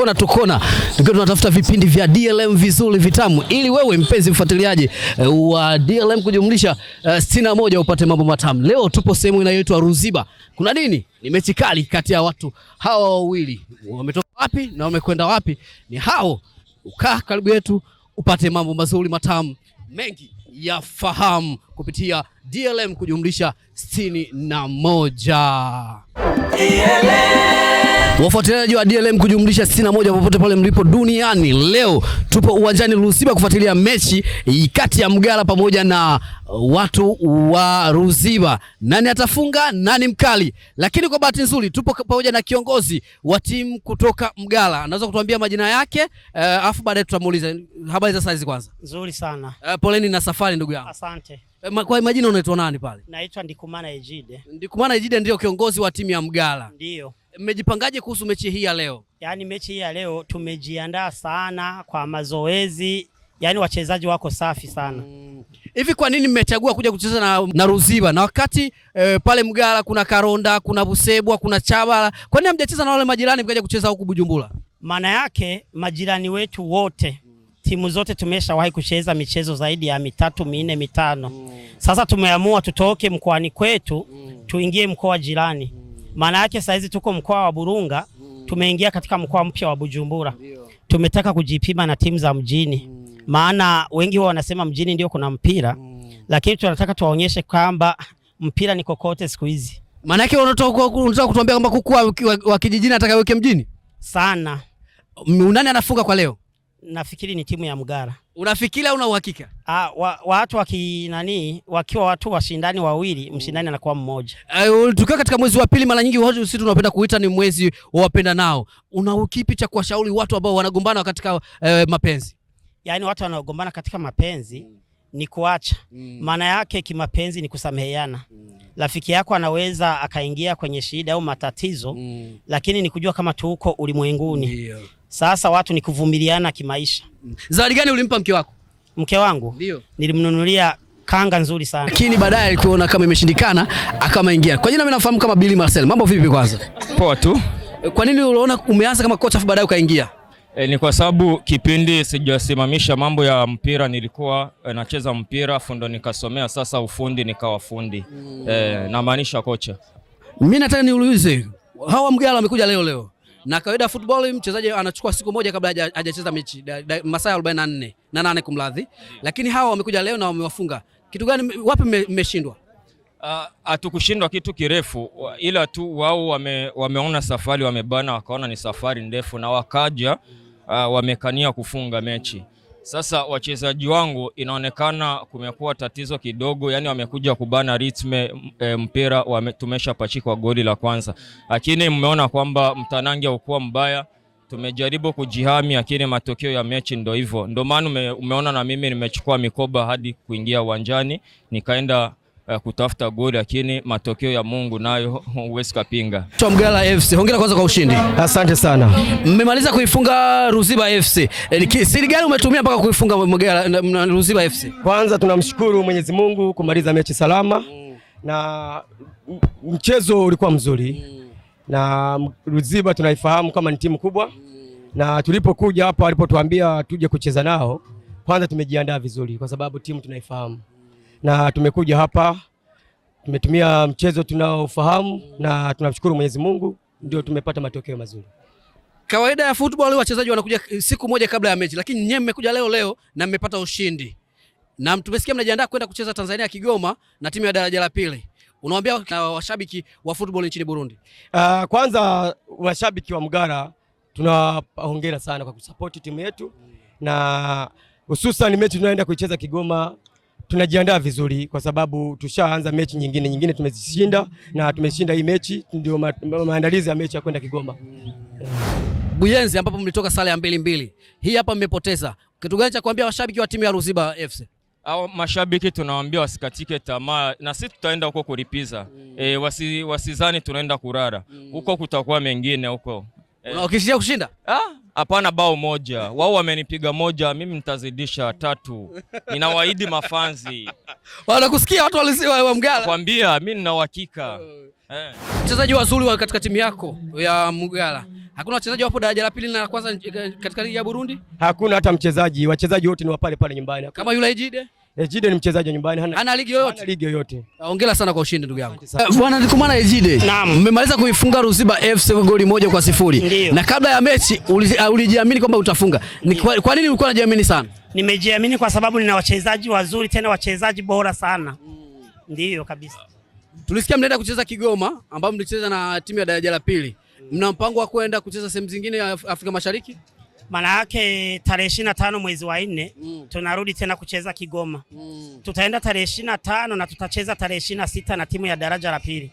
kona tu kona, tukiwa tunatafuta vipindi vya DLM vizuri vitamu, ili wewe mpenzi mfuatiliaji eh, wa DLM kujumlisha uh, sitini na moja upate mambo matamu. Leo tupo sehemu inayoitwa Ruziba. Kuna nini? Ni mechi kali kati ya watu hawa wawili, wametoka wapi na wamekwenda wapi? Ni hao. Ukaa karibu yetu upate mambo mazuri matamu mengi ya fahamu kupitia DLM kujumlisha sitini na moja DLM wafuatiliaji wa DLM kujumlisha 61 popote pale mlipo duniani. Leo tupo uwanjani Ruziba kufuatilia mechi kati ya Mgala pamoja na watu wa Ruziba. Nani atafunga, nani mkali? Lakini kwa bahati nzuri tupo pamoja na kiongozi wa timu kutoka Mgala. Anaweza kutuambia majina yake, uh, eh, afu baadaye tutamuuliza habari za saizi kwanza. Nzuri sana. Uh, poleni na safari ndugu yangu. Asante. Eh, kwa majina unaitwa nani pale? Naitwa Ndikumana Ejide. Ndikumana Ejide ndio kiongozi wa timu ya Mgala. Ndio. Mmejipangaje kuhusu mechi hii ya leo? Yaani mechi hii ya leo tumejiandaa sana kwa mazoezi, yaani wachezaji wako safi sana mm. hivi. Mm. Kwa nini mmechagua kuja kucheza na, na Ruziba na wakati eh, pale Mgala kuna Karonda kuna Busebwa kuna Chabala, kwa nini hamjacheza na wale majirani mkaja kucheza huku Bujumbura? Maana yake majirani wetu wote timu zote tumeshawahi kucheza michezo zaidi ya mitatu minne mitano. Mm. Sasa tumeamua tutoke mkoani kwetu, mm. tuingie mkoa jirani. mm. Maana yake saizi tuko mkoa wa Burunga, tumeingia katika mkoa mpya wa Bujumbura. Tumetaka kujipima na timu za mjini, maana wengi wao wanasema mjini ndio kuna mpira, lakini tunataka tuwaonyeshe kwamba mpira ni kokote siku hizi. Maana yake unataka kutuambia kwamba kuku wa kijijini atakayeweke mjini sana. Unani anafunga kwa leo? Nafikiri ni timu ya Mgara. Unafikiria una uhakika? Ah, wa, watu wakinani wakiwa watu washindani wawili, mm. mshindani anakuwa mmoja. Uh, tukiwa katika mwezi wa pili, mara nyingi watu sisi tunapenda kuita ni mwezi wa wapenda nao. Una kipi cha kuwashauri watu ambao wanagombana katika uh, mapenzi? Yaani watu wanaogombana katika mapenzi mm. ni kuacha mm. maana yake kimapenzi ni kusameheana. mm. Rafiki yako anaweza akaingia kwenye shida au matatizo mm. lakini ni kujua kama tuko ulimwenguni yeah. Sasa watu ni kuvumiliana kimaisha. Zawadi gani ulimpa mke wako? Mke wangu ndio nilimnunulia kanga nzuri sana, lakini baadaye alikuona kama imeshindikana akama ingia. Kwa jina mimi nafahamu kama Billy Marcel. Mambo vipi? Kwanza poa tu. Kwa nini uliona umeanza kama kocha afu baadaye ukaingia? E, ni kwa sababu kipindi sijasimamisha mambo ya mpira, nilikuwa e, nacheza mpira afu ndo nikasomea sasa ufundi nikawa fundi mm. E, namaanisha kocha. Mimi nataka niulize hawa mgala wamekuja leo leo na kawaida football mchezaji anachukua siku moja kabla hajacheza mechi, masaa 44 na nane kumradhi, lakini hawa wamekuja leo na wamewafunga. Kitu gani, wapi mmeshindwa? Ah, hatukushindwa uh, kitu kirefu, ila tu wao wame, wameona safari wamebana, wakaona ni safari ndefu na wakaja uh, wamekania kufunga mechi sasa wachezaji wangu, inaonekana kumekuwa tatizo kidogo, yani wamekuja kubana ritme e, mpira tumeshapachikwa goli la kwanza, lakini mmeona kwamba mtanange haukuwa mbaya. Tumejaribu kujihami, lakini matokeo ya mechi ndo hivyo. Ndio maana umeona na mimi nimechukua mikoba hadi kuingia uwanjani nikaenda uh, kutafuta goli, lakini matokeo ya Mungu nayo huwezi kapinga. Mgala FC, hongera kwanza kwa ushindi. Asante sana. Mmemaliza kuifunga Ruziba FC. E, eh, siri gani umetumia mpaka kuifunga Mgala Ruziba FC? Kwanza tunamshukuru Mwenyezi Mungu kumaliza mechi salama na mchezo ulikuwa mzuri na Ruziba tunaifahamu kama ni timu kubwa na tulipokuja hapa walipotuambia tuje kucheza nao, kwanza tumejiandaa vizuri kwa sababu timu tunaifahamu na tumekuja hapa, tumetumia mchezo tunaofahamu na tunamshukuru Mwenyezi Mungu ndio tumepata matokeo mazuri. Kawaida ya football wachezaji wanakuja siku moja kabla ya mechi, lakini nyewe mmekuja leo leo na mmepata ushindi, na tumesikia mnajiandaa kwenda kucheza Tanzania Kigoma na timu ya daraja la pili, unawaambia washabiki wa football nchini Burundi? Uh, kwanza washabiki wa Mgara tunawahongera sana kwa kusapoti timu yetu na hususan mechi tunayoenda kuicheza Kigoma tunajiandaa vizuri kwa sababu tushaanza mechi nyingine nyingine tumezishinda na tumeshinda hii mechi, ndio ma, ma, maandalizi ya mechi ya kwenda Kigoma. Buyenzi ambapo mlitoka sare ya mbili mbili, hii hapa mmepoteza. Kitu gani cha kuambia washabiki wa timu ya Ruziba FC? Au mashabiki tunawaambia wasikatike tamaa, na sisi tutaenda huko kulipiza. Mm. E, wasi, wasizani tunaenda kurara mm. huko, kutakuwa mengine huko. Eh. Ukishia kushinda? Ah, hapana, bao moja. Wao wamenipiga moja, mimi nitazidisha tatu. Ninawaahidi mafanzi. Wanakusikia watu wa Mgala. Kwambia mimi nina uhakika. Wachezaji oh. eh. wazuri wa katika timu yako ya Mgala. Hakuna wachezaji wapo daraja la pili na kwanza katika ligi ya Burundi? Hakuna hata mchezaji. Wachezaji wote ni wa pale pale nyumbani. Kama yule Ejide? Ejide ni mchezaji wa nyumbani, hana, ana ligi yoyote. Hana ligi yoyote. Hongera sana kwa ushindi ndugu yangu. Bwana Ndikumana Ejide. Naam. Mmemaliza kuifunga Ruziba FC goli moja kwa sifuri. Ndiyo. Na kabla ya mechi ah, ulijiamini kwamba utafunga. Ni, kwa, kwa nini ulikuwa unajiamini sana? Nimejiamini kwa sababu nina wachezaji wazuri tena wachezaji bora sana. Mm. Ndiyo kabisa. Tulisikia mnaenda kucheza Kigoma ambapo mlicheza na timu ya daraja la pili. Mm. Mna mpango wa kwenda kucheza sehemu zingine ya Afrika Mashariki? maana yake tarehe ishirini na tano mwezi wa nne mm. tunarudi tena kucheza Kigoma mm. tutaenda tarehe ishirini na tano na tutacheza tarehe ishirini na sita na timu ya daraja la pili.